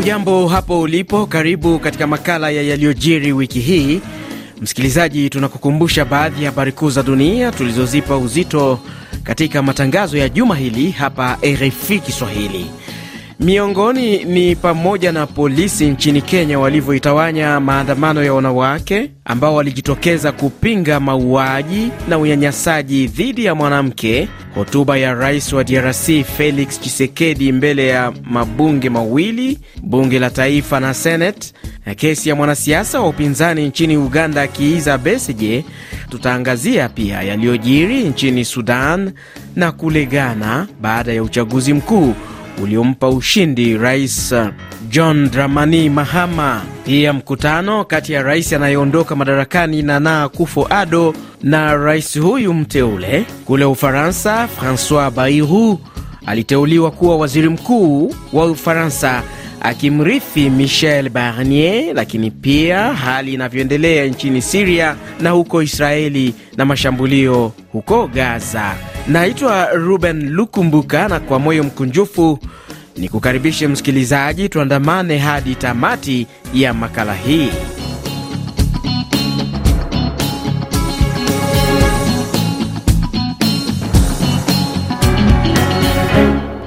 Hujambo hapo ulipo, karibu katika makala ya yaliyojiri wiki hii. Msikilizaji, tunakukumbusha baadhi ya habari kuu za dunia tulizozipa uzito katika matangazo ya juma hili hapa RFI Kiswahili. Miongoni ni pamoja na polisi nchini Kenya walivyoitawanya maandamano ya wanawake ambao walijitokeza kupinga mauaji na unyanyasaji dhidi ya mwanamke. Hotuba ya rais wa DRC Felix Tshisekedi mbele ya mabunge mawili, bunge la taifa na Senate, na kesi ya mwanasiasa wa upinzani nchini Uganda Kiiza beseje Tutaangazia pia yaliyojiri nchini Sudan na kule Ghana baada ya uchaguzi mkuu uliompa ushindi Rais uh, John Dramani Mahama. Pia mkutano kati ya rais anayeondoka madarakani Nana akufo ado na rais huyu mteule kule Ufaransa, Francois Bayrou aliteuliwa kuwa waziri mkuu wa Ufaransa akimrithi Michel Barnier. Lakini pia hali inavyoendelea nchini Siria na huko Israeli na mashambulio huko Gaza Naitwa Ruben Lukumbuka na kwa moyo mkunjufu ni kukaribishe msikilizaji, tuandamane hadi tamati ya makala hii.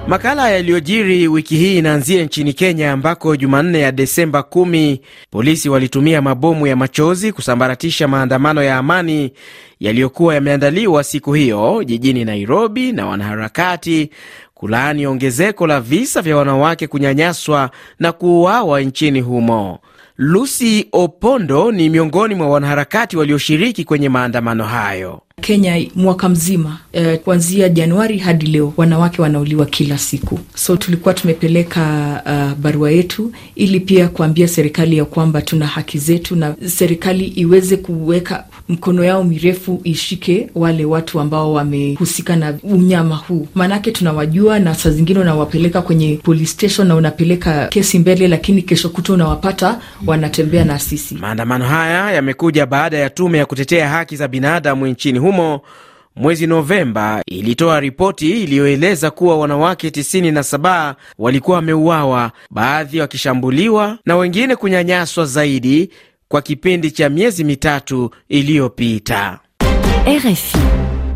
Makala yaliyojiri wiki hii inaanzia nchini Kenya ambako Jumanne ya Desemba 10 polisi walitumia mabomu ya machozi kusambaratisha maandamano ya amani yaliyokuwa yameandaliwa siku hiyo jijini Nairobi na wanaharakati kulaani ongezeko la visa vya wanawake kunyanyaswa na kuuawa nchini humo. Lucy Opondo ni miongoni mwa wanaharakati walioshiriki kwenye maandamano hayo. Kenya mwaka mzima eh, kuanzia Januari hadi leo wanawake wanauliwa kila siku. So tulikuwa tumepeleka uh, barua yetu ili pia kuambia serikali ya kwamba tuna haki zetu na serikali iweze kuweka mkono yao mirefu ishike wale watu ambao wamehusika na unyama huu, maanake tunawajua, na saa zingine unawapeleka kwenye police station na unapeleka kesi mbele, lakini kesho kuto unawapata wanatembea na sisi. Maandamano haya yamekuja baada ya tume ya kutetea haki za binadamu nchini humo humo mwezi Novemba ilitoa ripoti iliyoeleza kuwa wanawake 97 walikuwa wameuawa, baadhi wakishambuliwa na wengine kunyanyaswa zaidi kwa kipindi cha miezi mitatu iliyopita. RFI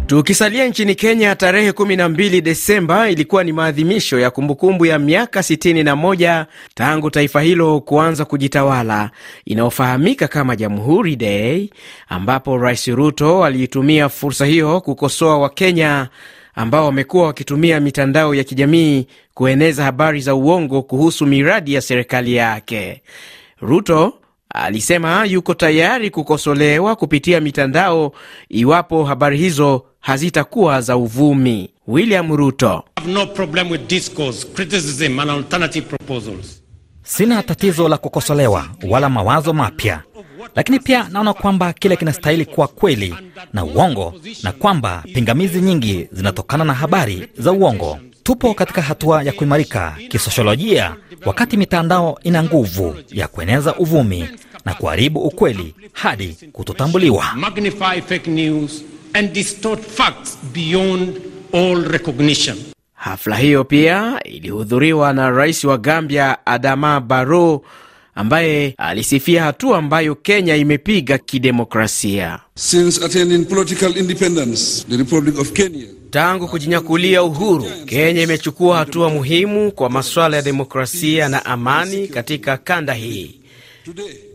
Tukisalia nchini Kenya, tarehe 12 Desemba ilikuwa ni maadhimisho ya kumbukumbu ya miaka 61 tangu taifa hilo kuanza kujitawala inayofahamika kama Jamhuri Day, ambapo Rais Ruto aliitumia fursa hiyo kukosoa Wakenya ambao wamekuwa wakitumia mitandao ya kijamii kueneza habari za uongo kuhusu miradi ya serikali yake. Ruto alisema yuko tayari kukosolewa kupitia mitandao iwapo habari hizo hazitakuwa za uvumi. William Ruto: sina tatizo la kukosolewa wala mawazo mapya, lakini pia naona kwamba kile kinastahili kuwa kweli na uongo, na kwamba pingamizi nyingi zinatokana na habari za uongo. Tupo katika hatua ya kuimarika kisosiolojia, wakati mitandao ina nguvu ya kueneza uvumi na kuharibu ukweli hadi kutotambuliwa. Hafla hiyo pia ilihudhuriwa na rais wa Gambia Adama baro ambaye alisifia hatua ambayo Kenya imepiga kidemokrasia Since Tangu kujinyakulia uhuru, Kenya imechukua hatua muhimu kwa masuala ya demokrasia na amani katika kanda hii.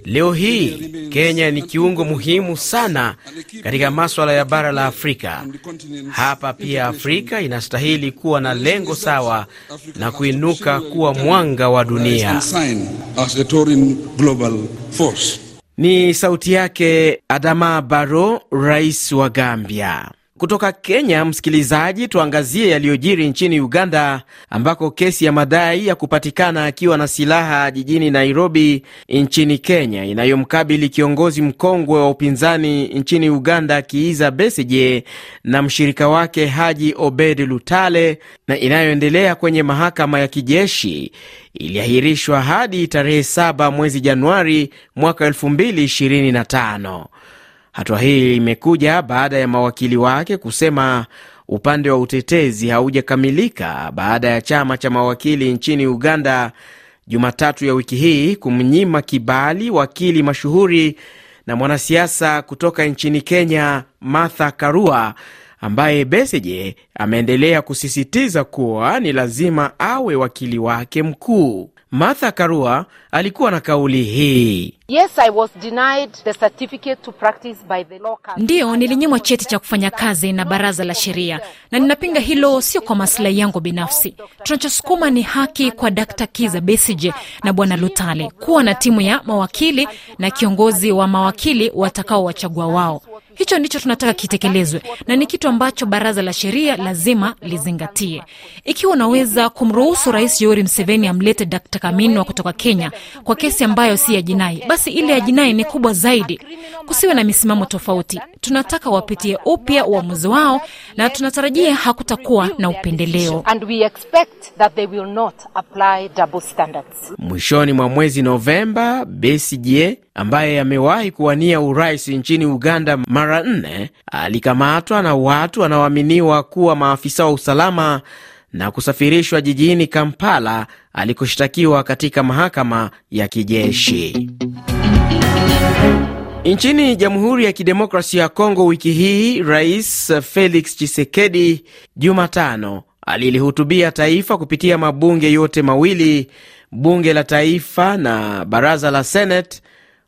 Leo hii Kenya ni kiungo muhimu sana katika maswala ya bara la Afrika. Hapa pia Afrika inastahili kuwa na lengo sawa na kuinuka kuwa mwanga wa dunia. Ni sauti yake Adama Barrow, rais wa Gambia. Kutoka Kenya, msikilizaji, tuangazie yaliyojiri nchini Uganda ambako kesi ya madai ya kupatikana akiwa na silaha jijini Nairobi nchini Kenya inayomkabili kiongozi mkongwe wa upinzani nchini Uganda Kiiza Besigye na mshirika wake Haji Obed Lutale na inayoendelea kwenye mahakama ya kijeshi iliahirishwa hadi tarehe 7 mwezi Januari mwaka 2025. Hatua hii imekuja baada ya mawakili wake kusema upande wa utetezi haujakamilika baada ya chama cha mawakili nchini Uganda Jumatatu ya wiki hii kumnyima kibali wakili mashuhuri na mwanasiasa kutoka nchini Kenya Martha Karua ambaye Besigye ameendelea kusisitiza kuwa ni lazima awe wakili wake mkuu. Martha Karua alikuwa na kauli hii: Yes, I was denied the certificate to practice by the Ndiyo, nilinyimwa cheti cha kufanya kazi na baraza la sheria, na ninapinga hilo, sio kwa masilahi yangu binafsi. Tunachosukuma ni haki kwa Dkt. Kiza Besije na Bwana Lutale kuwa na timu ya mawakili na kiongozi wa mawakili watakaowachagua wao. Hicho ndicho tunataka kitekelezwe na ni kitu ambacho baraza la sheria lazima lizingatie. Ikiwa unaweza kumruhusu Rais Yoweri Museveni amlete Dkt Kaminwa kutoka Kenya kwa kesi ambayo si ya jinai, basi ile ya jinai ni kubwa zaidi. Kusiwe na misimamo tofauti, tunataka wapitie upya uamuzi wao na tunatarajia hakutakuwa na upendeleo. Mwishoni mwa mwezi Novemba, Besigye ambaye amewahi kuwania urais nchini Uganda mara nne, alikamatwa na watu wanaoaminiwa kuwa maafisa wa usalama na kusafirishwa jijini Kampala alikoshtakiwa katika mahakama ya kijeshi. Nchini Jamhuri ya Kidemokrasia ya Kongo wiki hii, Rais Felix Tshisekedi Jumatano alilihutubia taifa kupitia mabunge yote mawili, bunge la taifa na baraza la Senate,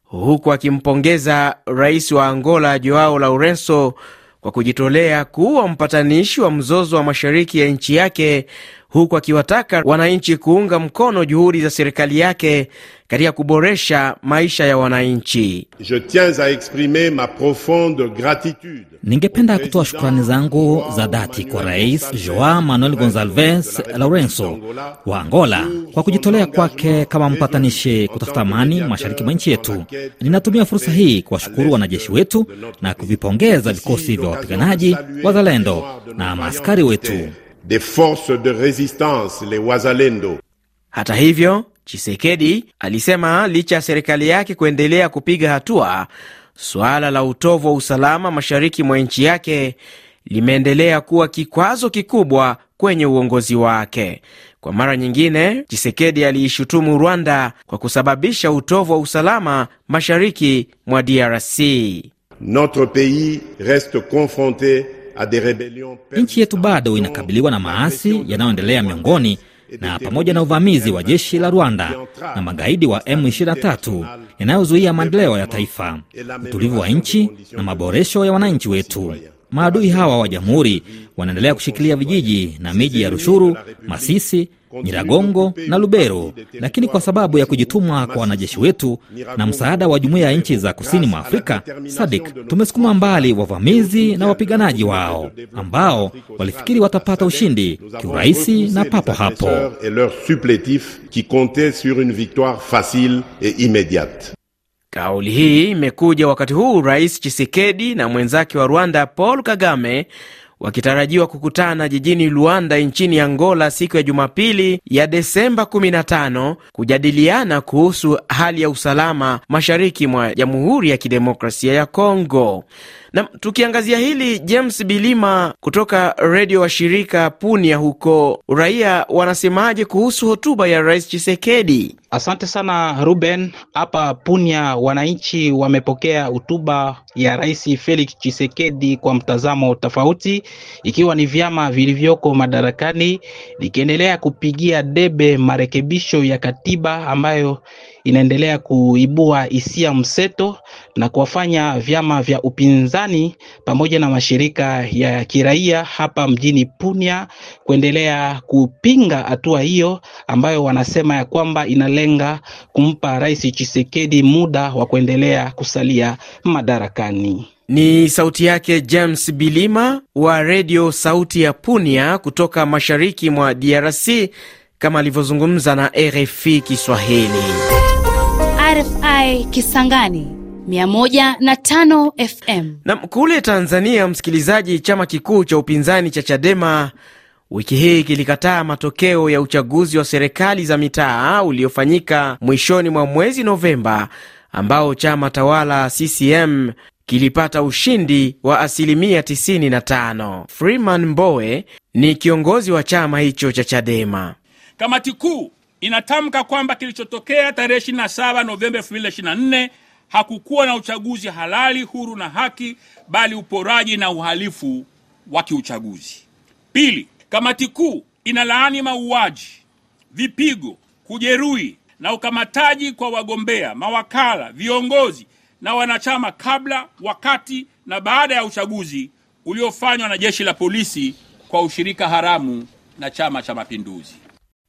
huku akimpongeza rais wa Angola Joao Lourenco kwa kujitolea kuwa mpatanishi wa mzozo wa mashariki ya nchi yake huku akiwataka wananchi kuunga mkono juhudi za serikali yake katika kuboresha maisha ya wananchi. Ningependa kutoa shukrani zangu za dhati kwa Rais Joao Manuel Gonsalves Lourenco wa Angola kwa kujitolea kwake kama mpatanishi kutafuta amani mashariki mwa nchi yetu. Ninatumia fursa hii kuwashukuru wanajeshi wetu na kuvipongeza vikosi vya wapiganaji wazalendo na maaskari wetu des forces de resistance les wazalendo. Hata hivyo, Chisekedi alisema licha ya serikali yake kuendelea kupiga hatua, suala la utovu wa usalama mashariki mwa nchi yake limeendelea kuwa kikwazo kikubwa kwenye uongozi wake. Kwa mara nyingine, Chisekedi aliishutumu Rwanda kwa kusababisha utovu wa usalama mashariki mwa DRC. Notre pays reste confronte Nchi yetu bado inakabiliwa na maasi yanayoendelea miongoni na pamoja na uvamizi wa jeshi la Rwanda na magaidi wa M23 yanayozuia maendeleo ya taifa, utulivu wa nchi na maboresho ya wananchi wetu. Maadui hawa wa jamhuri wanaendelea kushikilia vijiji na miji ya Rushuru, Masisi, Nyiragongo na Lubero, lakini kwa sababu ya kujitumwa kwa wanajeshi wetu na msaada wa jumuiya ya nchi za kusini mwa Afrika sadik tumesukuma mbali wavamizi na wapiganaji wao ambao walifikiri watapata ushindi kiurahisi na papo hapo. Kauli hii imekuja wakati huu Rais Chisekedi na mwenzake wa Rwanda Paul Kagame wakitarajiwa kukutana jijini Luanda nchini Angola siku ya Jumapili ya Desemba 15 kujadiliana kuhusu hali ya usalama mashariki mwa Jamhuri ya Kidemokrasia ya Kongo. Na tukiangazia hili, James Bilima kutoka redio wa shirika Punia huko, raia wanasemaje kuhusu hotuba ya Rais Chisekedi? Asante sana Ruben. Hapa Punia wananchi wamepokea hotuba ya Rais Felix Chisekedi kwa mtazamo tofauti, ikiwa ni vyama vilivyoko madarakani likiendelea kupigia debe marekebisho ya katiba ambayo inaendelea kuibua hisia mseto na kuwafanya vyama vya upinzani pamoja na mashirika ya kiraia hapa mjini Punia kuendelea kupinga hatua hiyo ambayo wanasema ya kwamba inalenga kumpa Rais chisekedi muda wa kuendelea kusalia madarakani. Ni sauti yake James Bilima wa redio Sauti ya Punia kutoka mashariki mwa DRC kama alivyozungumza na RFI Kiswahili. Hai Kisangani 105 FM. Na kule Tanzania, msikilizaji, chama kikuu cha upinzani cha Chadema wiki hii kilikataa matokeo ya uchaguzi wa serikali za mitaa uliofanyika mwishoni mwa mwezi Novemba, ambao chama tawala CCM kilipata ushindi wa asilimia 95. Freeman Mbowe ni kiongozi wa chama hicho cha Chadema. Kamati kuu inatamka kwamba kilichotokea tarehe 27 Novemba 2024 hakukuwa na uchaguzi halali, huru na haki, bali uporaji na uhalifu wa kiuchaguzi. Pili, kamati kuu inalaani mauaji, vipigo, kujeruhi na ukamataji kwa wagombea, mawakala, viongozi na wanachama kabla, wakati na baada ya uchaguzi uliofanywa na jeshi la polisi kwa ushirika haramu na Chama cha Mapinduzi.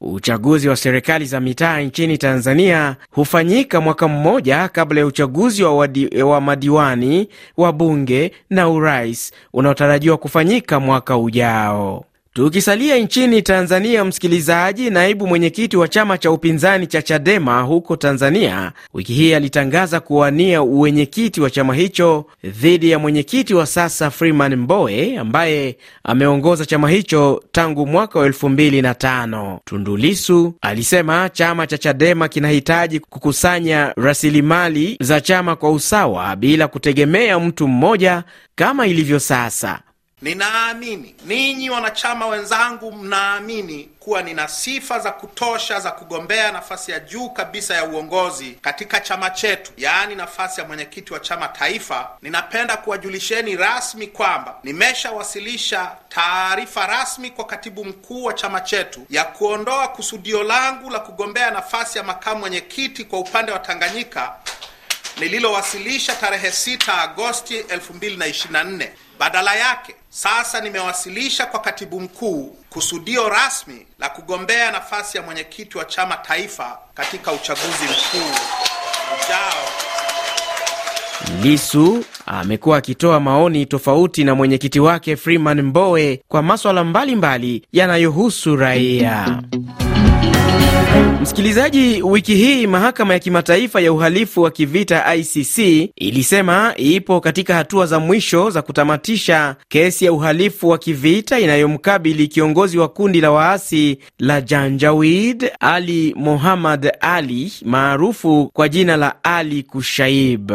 Uchaguzi wa serikali za mitaa nchini Tanzania hufanyika mwaka mmoja kabla ya uchaguzi wa, wadi, wa madiwani wa bunge na urais unaotarajiwa kufanyika mwaka ujao. Tukisalia nchini Tanzania, msikilizaji, naibu mwenyekiti wa chama cha upinzani cha Chadema huko Tanzania wiki hii alitangaza kuwania uwenyekiti wa chama hicho dhidi ya mwenyekiti wa sasa Freeman Mbowe ambaye ameongoza chama hicho tangu mwaka wa elfu mbili na tano. alisema chama cha Chadema kinahitaji kukusanya rasilimali za chama kwa usawa bila kutegemea mtu mmoja kama ilivyo sasa. Ninaamini ninyi wanachama wenzangu, mnaamini kuwa nina sifa za kutosha za kugombea nafasi ya juu kabisa ya uongozi katika chama chetu, yaani nafasi ya mwenyekiti wa chama taifa. Ninapenda kuwajulisheni rasmi kwamba nimeshawasilisha taarifa rasmi kwa katibu mkuu wa chama chetu ya kuondoa kusudio langu la kugombea nafasi ya makamu mwenyekiti kwa upande wa Tanganyika nililowasilisha tarehe 6 Agosti 224 badala yake sasa nimewasilisha kwa katibu mkuu kusudio rasmi la kugombea nafasi ya mwenyekiti wa chama taifa katika uchaguzi mkuu ujao. Lisu amekuwa akitoa maoni tofauti na mwenyekiti wake Freeman Mbowe kwa maswala mbalimbali yanayohusu raia. Msikilizaji, wiki hii mahakama ya kimataifa ya uhalifu wa kivita ICC ilisema ipo katika hatua za mwisho za kutamatisha kesi ya uhalifu wa kivita inayomkabili kiongozi wa kundi la waasi la Janjawid Ali Mohammad Ali maarufu kwa jina la Ali Kushaib.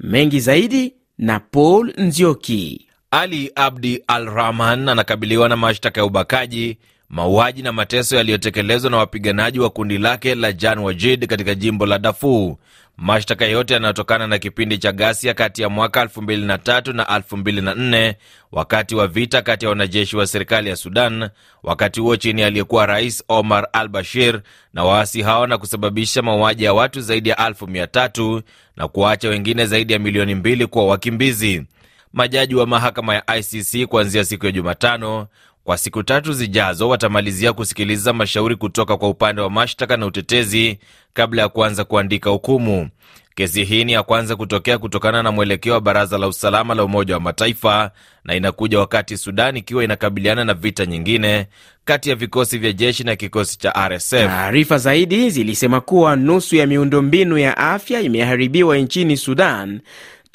Mengi zaidi na Paul Nzioki. Ali Abdi Al Rahman anakabiliwa na mashtaka ya ubakaji mauaji na mateso yaliyotekelezwa na wapiganaji wa kundi lake la Jan Wajid katika jimbo la dafu Mashtaka yote yanayotokana na kipindi cha ghasia kati ya mwaka 2003 na 2004 wakati wa vita kati ya wanajeshi wa serikali ya Sudan, wakati huo chini aliyekuwa Rais Omar al Bashir, na waasi hao na kusababisha mauaji ya watu zaidi ya elfu mia tatu na kuwaacha wengine zaidi ya milioni mbili kuwa wakimbizi. Majaji wa mahakama ya ICC kuanzia siku ya Jumatano kwa siku tatu zijazo watamalizia kusikiliza mashauri kutoka kwa upande wa mashtaka na utetezi kabla ya kuanza kuandika hukumu. Kesi hii ni ya kwanza kutokea kutokana na mwelekeo wa Baraza la Usalama la Umoja wa Mataifa na inakuja wakati Sudan ikiwa inakabiliana na vita nyingine kati ya vikosi vya jeshi na kikosi cha RSF. Taarifa zaidi zilisema kuwa nusu ya miundombinu ya afya imeharibiwa nchini Sudan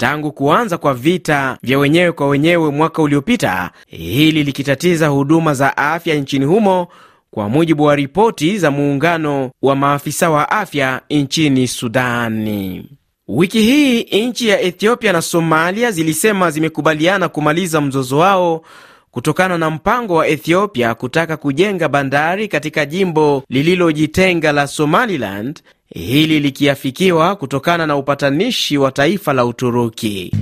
tangu kuanza kwa vita vya wenyewe kwa wenyewe mwaka uliopita, hili likitatiza huduma za afya nchini humo, kwa mujibu wa ripoti za muungano wa maafisa wa afya nchini Sudani. Wiki hii nchi ya Ethiopia na Somalia zilisema zimekubaliana kumaliza mzozo wao kutokana na mpango wa Ethiopia kutaka kujenga bandari katika jimbo lililojitenga la Somaliland hili likiafikiwa kutokana na upatanishi wa taifa la Uturuki.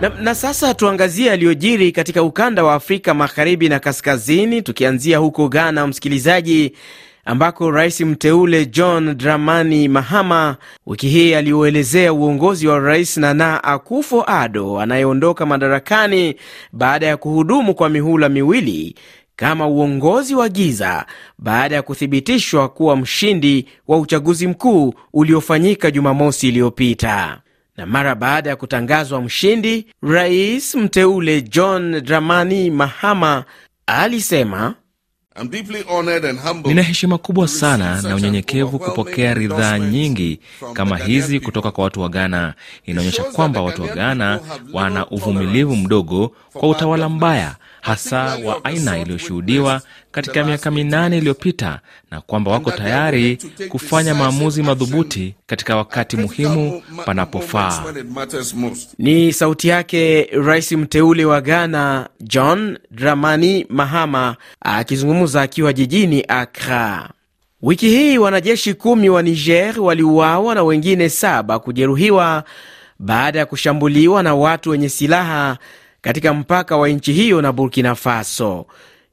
Na, na sasa tuangazie yaliyojiri katika ukanda wa Afrika magharibi na kaskazini, tukianzia huko Ghana, msikilizaji, ambako rais mteule John Dramani Mahama wiki hii aliuelezea uongozi wa rais Nana Akufo-Addo anayeondoka madarakani baada ya kuhudumu kwa mihula miwili kama uongozi wa giza baada ya kuthibitishwa kuwa mshindi wa uchaguzi mkuu uliofanyika Jumamosi iliyopita. Na mara baada ya kutangazwa mshindi, rais mteule John Dramani Mahama alisema Nina heshima kubwa sana na unyenyekevu kupokea ridhaa nyingi kama hizi kutoka kwa watu wa Ghana. Inaonyesha kwamba watu wa Ghana wana uvumilivu mdogo kwa utawala mbaya hasa wa aina iliyoshuhudiwa katika miaka minane iliyopita na kwamba wako tayari kufanya maamuzi madhubuti katika wakati muhimu panapofaa. Ni sauti yake rais mteule wa Ghana John Dramani Mahama akizungumza akiwa jijini acra Wiki hii wanajeshi kumi wa Niger waliuawa na wengine saba kujeruhiwa baada ya kushambuliwa na watu wenye silaha katika mpaka wa nchi hiyo na Burkina Faso.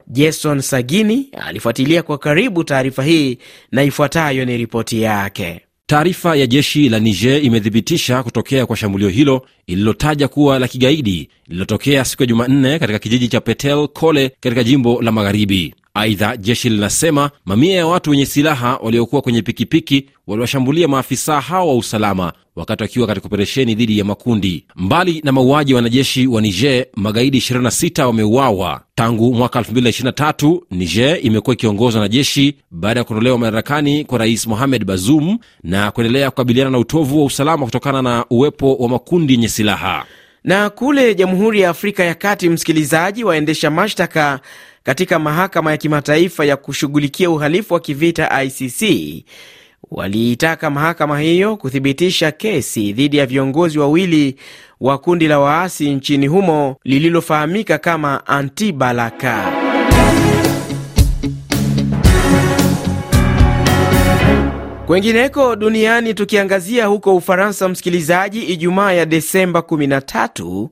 Jason Sagini alifuatilia kwa karibu taarifa hii na ifuatayo ni ripoti yake. Taarifa ya jeshi la Niger imethibitisha kutokea kwa shambulio hilo ililotaja kuwa la kigaidi lililotokea siku ya Jumanne katika kijiji cha Petel Kole katika jimbo la Magharibi. Aidha, jeshi linasema mamia ya watu wenye silaha waliokuwa kwenye pikipiki waliwashambulia maafisa hao wa usalama wakati wakiwa katika operesheni dhidi ya makundi. Mbali na mauaji ya wanajeshi wa Niger, magaidi 26 wameuawa tangu mwaka 223 Niger imekuwa ikiongozwa na jeshi baada ya kuondolewa madarakani kwa Rais Mohamed bazum na kuendelea kukabiliana na utovu wa usalama kutokana na uwepo wa makundi yenye silaha. Na kule Jamhuri ya Afrika ya Kati, msikilizaji, waendesha mashtaka katika mahakama ya kimataifa ya kushughulikia uhalifu wa kivita ICC waliitaka mahakama hiyo kuthibitisha kesi dhidi ya viongozi wawili wa kundi la waasi nchini humo lililofahamika kama Antibalaka. Kwengineko duniani, tukiangazia huko Ufaransa, msikilizaji, Ijumaa ya Desemba 13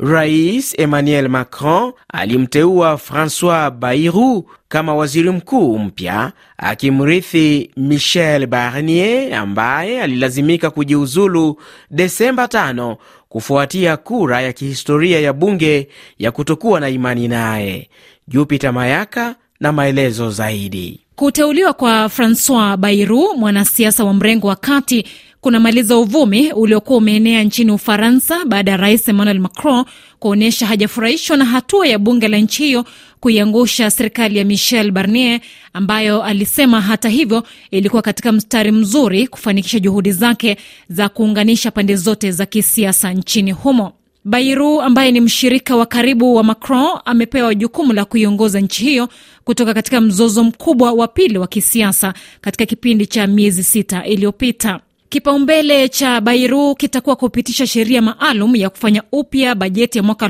Rais Emmanuel Macron alimteua Francois Bayrou kama waziri mkuu mpya akimrithi Michel Barnier ambaye alilazimika kujiuzulu Desemba 5 kufuatia kura ya kihistoria ya bunge ya kutokuwa na imani naye. jupita Mayaka na maelezo zaidi. Kuteuliwa kwa Francois Bayrou, mwanasiasa wa mrengo wa kati, kunamaliza uvumi uliokuwa umeenea nchini Ufaransa baada ya rais Emmanuel Macron kuonyesha hajafurahishwa na hatua ya bunge la nchi hiyo kuiangusha serikali ya Michel Barnier ambayo alisema hata hivyo ilikuwa katika mstari mzuri kufanikisha juhudi zake za kuunganisha pande zote za kisiasa nchini humo. bairu ambaye ni mshirika wa karibu wa Macron amepewa jukumu la kuiongoza nchi hiyo kutoka katika mzozo mkubwa wa pili wa kisiasa katika kipindi cha miezi sita iliyopita. Kipaumbele cha Bairu kitakuwa kupitisha sheria maalum ya kufanya upya bajeti ya mwaka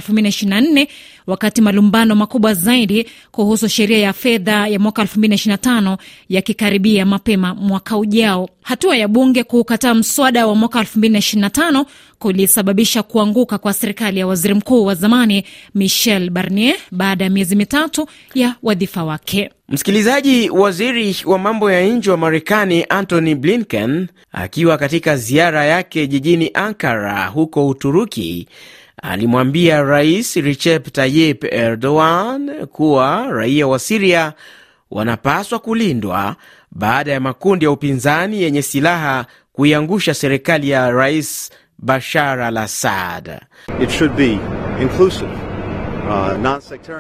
wakati malumbano makubwa zaidi kuhusu sheria ya fedha ya mwaka 2025 yakikaribia mapema mwaka ujao. Hatua ya bunge kuukataa mswada wa mwaka 2025 kulisababisha kuanguka kwa serikali ya waziri mkuu wa zamani Michel Barnier baada ya miezi mitatu ya wadhifa wake. Msikilizaji, waziri wa mambo ya nje wa Marekani Antony Blinken akiwa katika ziara yake jijini Ankara huko Uturuki alimwambia Rais Recep Tayyip Erdogan kuwa raia wa Siria wanapaswa kulindwa baada ya makundi ya upinzani yenye silaha kuiangusha serikali ya Rais Bashar al-Assad. It should be inclusive. Uh,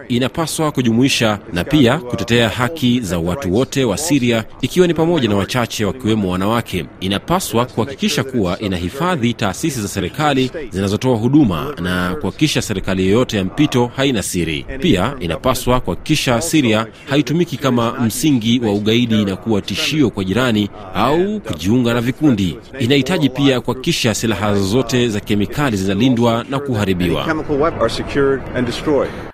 inapaswa kujumuisha na pia kutetea haki za watu wote wa Siria, ikiwa ni pamoja na wachache wakiwemo wanawake. Inapaswa kuhakikisha kuwa inahifadhi taasisi za serikali zinazotoa huduma na kuhakikisha serikali yoyote ya mpito haina siri. Pia inapaswa kuhakikisha Siria haitumiki kama msingi wa ugaidi na kuwa tishio kwa jirani au kujiunga na vikundi. Inahitaji pia kuhakikisha silaha zote za kemikali zinalindwa na kuharibiwa.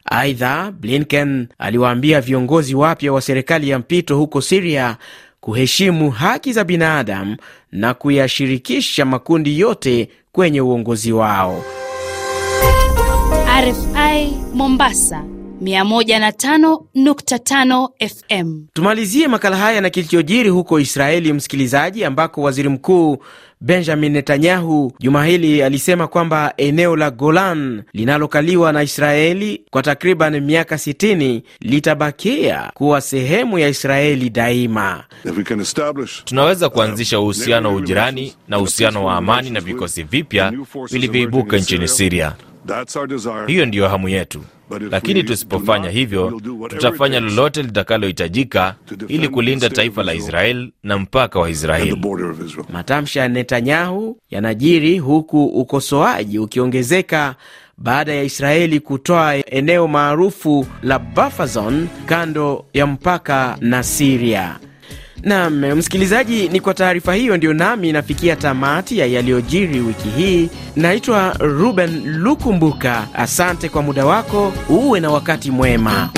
Aidha, Blinken aliwaambia viongozi wapya wa serikali ya mpito huko Siria kuheshimu haki za binadamu na kuyashirikisha makundi yote kwenye uongozi wao. RFI Mombasa 105.5 FM. Tumalizie makala haya na kilichojiri huko Israeli, msikilizaji, ambako waziri mkuu Benjamin Netanyahu juma hili alisema kwamba eneo la Golan linalokaliwa na Israeli kwa takriban miaka 60 litabakia kuwa sehemu ya Israeli daima. Tunaweza uh, kuanzisha uhusiano wa ujirani na uhusiano wa amani na vikosi vipya vilivyoibuka nchini Siria. Hiyo ndiyo hamu yetu lakini tusipofanya hivyo, tutafanya lolote litakalohitajika ili kulinda taifa la Israel na mpaka wa Israeli. Matamshi ya Netanyahu yanajiri huku ukosoaji ukiongezeka baada ya Israeli kutoa eneo maarufu la bafazon kando ya mpaka na Siria nam msikilizaji, ni kwa taarifa hiyo ndiyo nami inafikia tamati ya yaliyojiri wiki hii. Naitwa Ruben Lukumbuka, asante kwa muda wako, uwe na wakati mwema.